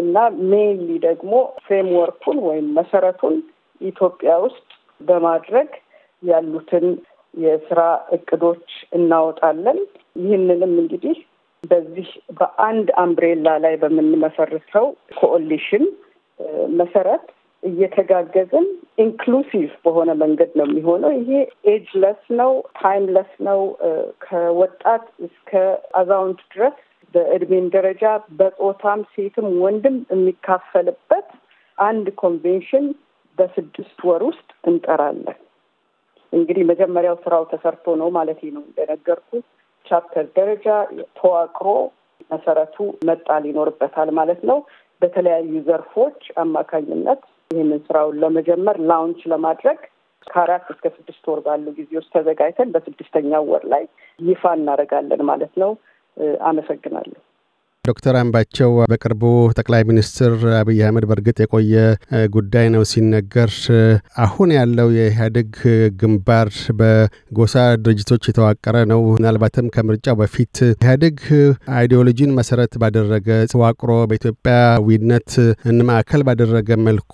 Speaker 2: እና ሜይንሊ ደግሞ ፍሬምወርኩን ወይም መሰረቱን ኢትዮጵያ ውስጥ በማድረግ ያሉትን የስራ እቅዶች እናወጣለን። ይህንንም እንግዲህ በዚህ በአንድ አምብሬላ ላይ በምንመሰርተው ኮኦሊሽን መሰረት እየተጋገዝን ኢንክሉሲቭ በሆነ መንገድ ነው የሚሆነው። ይሄ ኤጅለስ ነው፣ ታይምለስ ነው። ከወጣት እስከ አዛውንት ድረስ በእድሜን ደረጃ በጾታም ሴትም ወንድም የሚካፈልበት አንድ ኮንቬንሽን በስድስት ወር ውስጥ እንጠራለን። እንግዲህ መጀመሪያው ስራው ተሰርቶ ነው ማለት ነው። እንደነገርኩ ቻፕተር ደረጃ ተዋቅሮ መሰረቱ መጣል ይኖርበታል ማለት ነው። በተለያዩ ዘርፎች አማካኝነት ይህንን ስራውን ለመጀመር ላውንች ለማድረግ ከአራት እስከ ስድስት ወር ባለው ጊዜ ውስጥ ተዘጋጅተን በስድስተኛው ወር ላይ ይፋ እናደርጋለን ማለት ነው። አመሰግናለሁ።
Speaker 1: ዶክተር አምባቸው በቅርቡ ጠቅላይ ሚኒስትር አብይ አህመድ በእርግጥ የቆየ ጉዳይ ነው ሲነገር፣ አሁን ያለው የኢህአዴግ ግንባር በጎሳ ድርጅቶች የተዋቀረ ነው። ምናልባትም ከምርጫው በፊት ኢህአዴግ አይዲዮሎጂን መሰረት ባደረገ ተዋቅሮ በኢትዮጵያዊነት ማዕከል ባደረገ መልኩ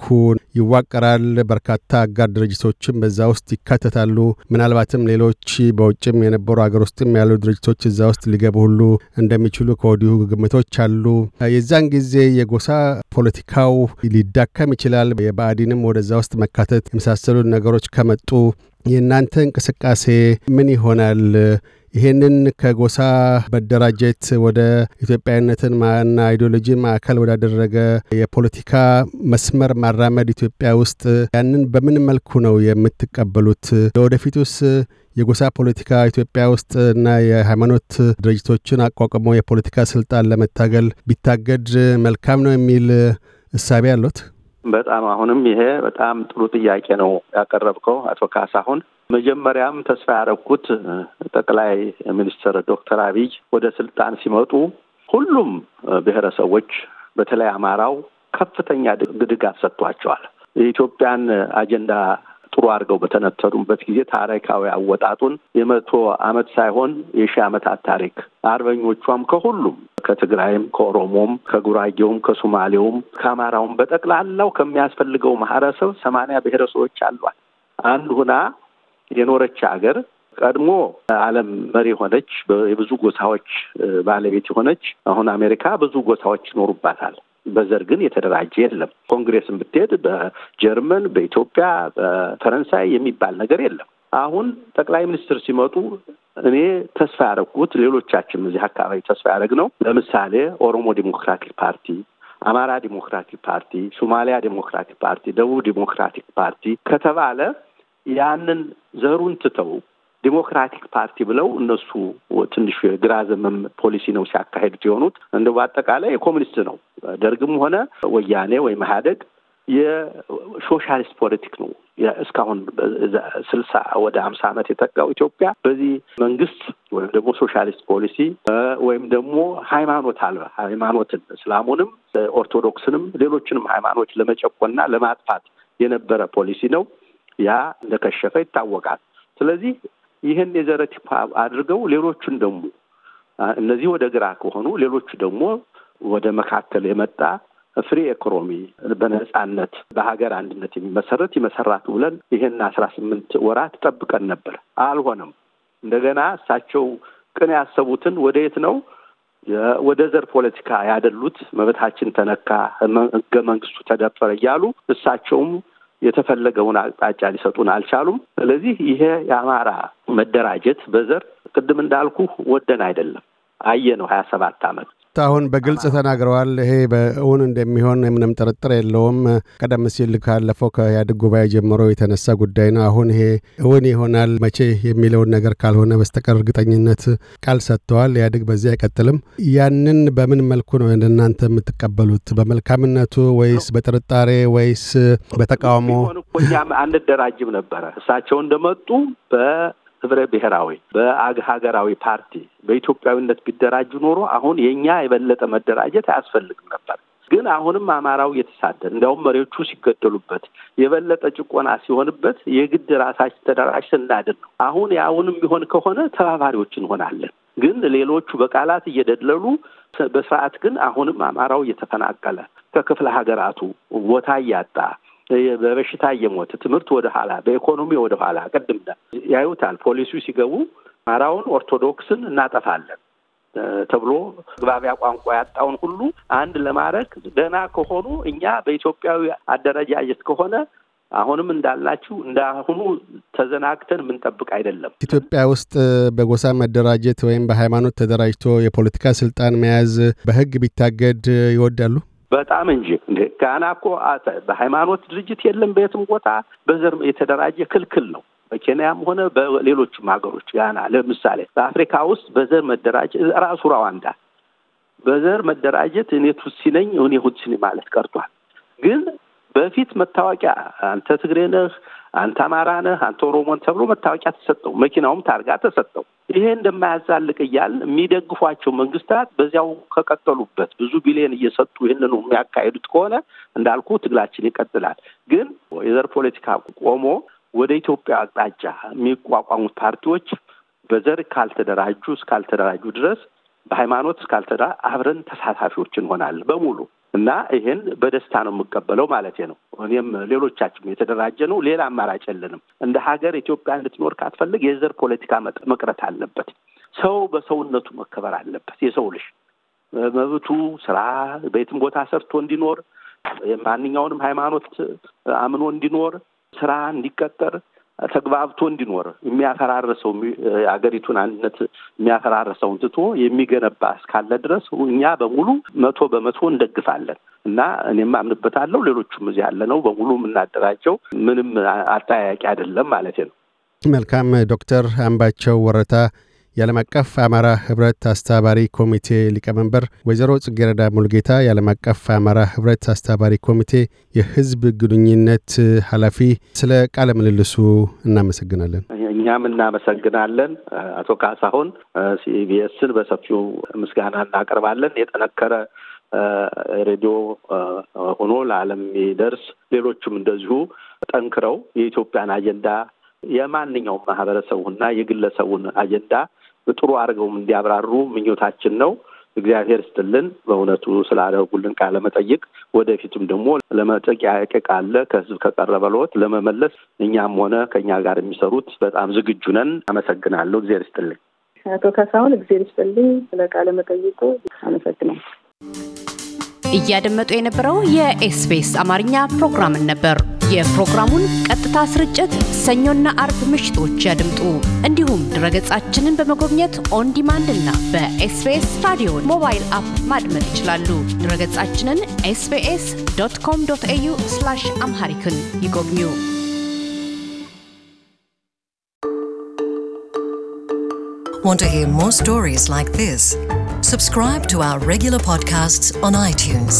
Speaker 1: ይዋቀራል። በርካታ አጋር ድርጅቶችም በዛ ውስጥ ይካተታሉ። ምናልባትም ሌሎች በውጭም የነበሩ አገር ውስጥም ያሉ ድርጅቶች እዛ ውስጥ ሊገቡ ሁሉ እንደሚችሉ ከወዲሁ ግምቶች ድርጅቶች አሉ። የዛን ጊዜ የጎሳ ፖለቲካው ሊዳከም ይችላል። የብአዴንም ወደዛ ውስጥ መካተት የመሳሰሉ ነገሮች ከመጡ የእናንተ እንቅስቃሴ ምን ይሆናል? ይሄንን ከጎሳ መደራጀት ወደ ኢትዮጵያዊነትን ማና አይዲዮሎጂ ማዕከል ወዳደረገ የፖለቲካ መስመር ማራመድ ኢትዮጵያ ውስጥ ያንን በምን መልኩ ነው የምትቀበሉት? ለወደፊቱስ የጎሳ ፖለቲካ ኢትዮጵያ ውስጥ እና የሃይማኖት ድርጅቶችን አቋቁሞ የፖለቲካ ስልጣን ለመታገል ቢታገድ መልካም ነው የሚል እሳቤ አለት።
Speaker 3: በጣም አሁንም ይሄ በጣም ጥሩ ጥያቄ ነው ያቀረብከው አቶ ካሳሁን። መጀመሪያም ተስፋ ያደረግኩት ጠቅላይ ሚኒስትር ዶክተር አብይ ወደ ስልጣን ሲመጡ ሁሉም ብሔረሰቦች በተለይ አማራው ከፍተኛ ግድጋፍ ሰጥቷቸዋል። የኢትዮጵያን አጀንዳ ጥሩ አድርገው በተነተሩበት ጊዜ ታሪካዊ አወጣጡን የመቶ ዓመት ሳይሆን የሺ ዓመታት ታሪክ አርበኞቿም ከሁሉም ከትግራይም ከኦሮሞም ከጉራጌውም ከሶማሌውም፣ ከአማራውም በጠቅላላው ከሚያስፈልገው ማህበረሰብ ሰማንያ ብሔረሰቦች አሏል። አንድ ሁና የኖረች ሀገር ቀድሞ ዓለም መሪ የሆነች የብዙ ጎሳዎች ባለቤት የሆነች አሁን አሜሪካ ብዙ ጎሳዎች ይኖሩባታል። በዘር ግን የተደራጀ የለም። ኮንግሬስን ብትሄድ በጀርመን፣ በኢትዮጵያ፣ በፈረንሳይ የሚባል ነገር የለም። አሁን ጠቅላይ ሚኒስትር ሲመጡ እኔ ተስፋ ያደረግኩት ሌሎቻችን እዚህ አካባቢ ተስፋ ነው ለምሳሌ ኦሮሞ ዲሞክራቲክ ፓርቲ አማራ ዲሞክራቲክ ፓርቲ፣ ሶማሊያ ዲሞክራቲክ ፓርቲ፣ ደቡብ ዲሞክራቲክ ፓርቲ ከተባለ ያንን ዘሩን ትተው ዲሞክራቲክ ፓርቲ ብለው እነሱ ትንሽ ግራ ዘመም ፖሊሲ ነው ሲያካሄዱት የሆኑት። እንደ በአጠቃላይ የኮሚኒስት ነው ደርግም ሆነ ወያኔ ወይም ኢህአዴግ የሶሻሊስት ፖለቲክ ነው። እስካሁን ስልሳ ወደ አምሳ ዓመት የጠቃው ኢትዮጵያ በዚህ መንግስት ወይም ደግሞ ሶሻሊስት ፖሊሲ ወይም ደግሞ ሃይማኖት አልባ ሃይማኖትን እስላሙንም፣ ኦርቶዶክስንም ሌሎችንም ሃይማኖች ለመጨቆና ለማጥፋት የነበረ ፖሊሲ ነው። ያ እንደከሸፈ ይታወቃል። ስለዚህ ይህን የዘረቲፓ አድርገው ሌሎቹን ደግሞ እነዚህ ወደ ግራ ከሆኑ ሌሎቹ ደግሞ ወደ መካከል የመጣ ፍሪ ኢኮኖሚ በነጻነት በሀገር አንድነት የሚመሰረት ይመሰራቱ ብለን ይህን አስራ ስምንት ወራት ጠብቀን ነበር። አልሆነም። እንደገና እሳቸው ቅን ያሰቡትን ወደ የት ነው ወደ ዘር ፖለቲካ ያደሉት። መብታችን ተነካ፣ ህገ መንግስቱ ተደፈረ እያሉ እሳቸውም የተፈለገውን አቅጣጫ ሊሰጡን አልቻሉም። ስለዚህ ይሄ የአማራ መደራጀት በዘር ቅድም እንዳልኩ ወደን አይደለም አየ ነው ሀያ ሰባት
Speaker 1: አመት አሁን በግልጽ ተናግረዋል። ይሄ በእውን እንደሚሆን ምንም ጥርጥር የለውም። ቀደም ሲል ካለፈው ከኢህአዴግ ጉባኤ ጀምሮ የተነሳ ጉዳይ ነው። አሁን ይሄ እውን ይሆናል መቼ የሚለውን ነገር ካልሆነ በስተቀር እርግጠኝነት ቃል ሰጥተዋል። ኢህአዴግ በዚህ አይቀጥልም። ያንን በምን መልኩ ነው እናንተ የምትቀበሉት? በመልካምነቱ ወይስ በጥርጣሬ ወይስ በተቃውሞ?
Speaker 3: አንደራጅም ነበረ እሳቸው እንደመጡ በ ህብረ ብሔራዊ ሀገራዊ ፓርቲ በኢትዮጵያዊነት ቢደራጁ ኖሮ አሁን የእኛ የበለጠ መደራጀት አያስፈልግም ነበር። ግን አሁንም አማራው እየተሳደ እንዲያውም መሪዎቹ ሲገደሉበት የበለጠ ጭቆና ሲሆንበት የግድ ራሳችን ተደራጅተን እናድን ነው። አሁን የአሁንም ቢሆን ከሆነ ተባባሪዎች እንሆናለን። ግን ሌሎቹ በቃላት እየደለሉ በስርዓት ግን አሁንም አማራው እየተፈናቀለ ከክፍለ ሀገራቱ ቦታ እያጣ በበሽታ እየሞተ ትምህርት ወደ ኋላ፣ በኢኮኖሚ ወደ ኋላ ቅድም ያዩታል። ፖሊሱ ሲገቡ አማራውን ኦርቶዶክስን እናጠፋለን ተብሎ ግባቢያ ቋንቋ ያጣውን ሁሉ አንድ ለማድረግ ደህና ከሆኑ እኛ በኢትዮጵያዊ አደረጃጀት ከሆነ አሁንም እንዳላችሁ እንዳሁኑ ተዘናግተን የምንጠብቅ አይደለም።
Speaker 1: ኢትዮጵያ ውስጥ በጎሳ መደራጀት ወይም በሃይማኖት ተደራጅቶ የፖለቲካ ስልጣን መያዝ በህግ ቢታገድ ይወዳሉ?
Speaker 3: በጣም እንጂ ጋና እኮ በሃይማኖት ድርጅት የለም። በየትም ቦታ በዘር የተደራጀ ክልክል ነው። በኬንያም ሆነ በሌሎችም ሀገሮች ጋና ለምሳሌ በአፍሪካ ውስጥ በዘር መደራጀት ራሱ ራዋንዳ በዘር መደራጀት እኔ ቱሲ ነኝ እኔ ሁሲ ማለት ቀርቷል። ግን በፊት መታወቂያ አንተ ትግሬ ነህ አንተ አማራ ነህ፣ አንተ ኦሮሞን ተብሎ መታወቂያ ተሰጠው፣ መኪናውም ታርጋ ተሰጠው። ይሄ እንደማያዛልቅ እያል የሚደግፏቸው መንግስታት በዚያው ከቀጠሉበት ብዙ ቢሊዮን እየሰጡ ይህንኑ የሚያካሄዱት ከሆነ እንዳልኩ ትግላችን ይቀጥላል። ግን የዘር ፖለቲካ ቆሞ ወደ ኢትዮጵያ አቅጣጫ የሚቋቋሙት ፓርቲዎች በዘር ካልተደራጁ እስካልተደራጁ ድረስ በሃይማኖት እስካልተደራ አብረን ተሳታፊዎች እንሆናለን በሙሉ እና ይሄን በደስታ ነው የምቀበለው ማለት ነው። እኔም ሌሎቻችን የተደራጀ ነው። ሌላ አማራጭ የለንም። እንደ ሀገር ኢትዮጵያ እንድትኖር ካትፈልግ የዘር ፖለቲካ መቅረት አለበት። ሰው በሰውነቱ መከበር አለበት። የሰው ልጅ መብቱ ስራ፣ ቤትም ቦታ ሰርቶ እንዲኖር፣ ማንኛውንም ሃይማኖት አምኖ እንዲኖር፣ ስራ እንዲቀጠር ተግባብቶ እንዲኖር የሚያፈራርሰው የአገሪቱን አንድነት የሚያፈራርሰውን ትቶ የሚገነባ እስካለ ድረስ እኛ በሙሉ መቶ በመቶ እንደግፋለን እና እኔም አምንበታለሁ። ሌሎቹም እዚህ ያለ ነው በሙሉ የምናደራጀው ምንም አጠያያቂ አይደለም ማለት ነው።
Speaker 1: መልካም ዶክተር አምባቸው ወረታ የዓለም አቀፍ አማራ ህብረት አስተባባሪ ኮሚቴ ሊቀመንበር፣ ወይዘሮ ጽጌረዳ ሙልጌታ የዓለም አቀፍ አማራ ህብረት አስተባባሪ ኮሚቴ የህዝብ ግንኙነት ኃላፊ፣ ስለ ቃለ ምልልሱ እናመሰግናለን።
Speaker 3: እኛም እናመሰግናለን አቶ ካሳሁን። ሲቢኤስን በሰፊው ምስጋና እናቀርባለን። የጠነከረ ሬዲዮ ሆኖ ለዓለም የሚደርስ ሌሎቹም እንደዚሁ ጠንክረው የኢትዮጵያን አጀንዳ የማንኛውም ማህበረሰቡና የግለሰቡን አጀንዳ ጥሩ አድርገውም እንዲያብራሩ ምኞታችን ነው። እግዚአብሔር ስትልን በእውነቱ ስላደረጉልን ቃለ መጠይቅ ወደፊትም ደግሞ ለመጠያየቅ ቃለ ከህዝብ ከቀረበልዎት ለመመለስ እኛም ሆነ ከእኛ ጋር የሚሰሩት በጣም ዝግጁ ነን። አመሰግናለሁ። እግዚአብሔር ስትልኝ
Speaker 2: አቶ ካሳሁን፣ እግዚአብሔር ስትልኝ ስለ ቃለ መጠይቁ አመሰግናለሁ። እያደመጡ የነበረው የኤስቢኤስ አማርኛ ፕሮግራምን ነበር። የፕሮግራሙን ቀ በቀጥታ ስርጭት ሰኞና አርብ ምሽቶች ያድምጡ። እንዲሁም ድረገጻችንን በመጎብኘት ኦን ዲማንድ እና በኤስቢኤስ ራዲዮ ሞባይል አፕ ማድመጥ ይችላሉ። ድረገጻችንን ኤስቢኤስ ዶት ኮም ዶት ኤዩ
Speaker 1: አምሃሪክን ይጎብኙ። Want to hear more stories like this? Subscribe to our regular podcasts on iTunes.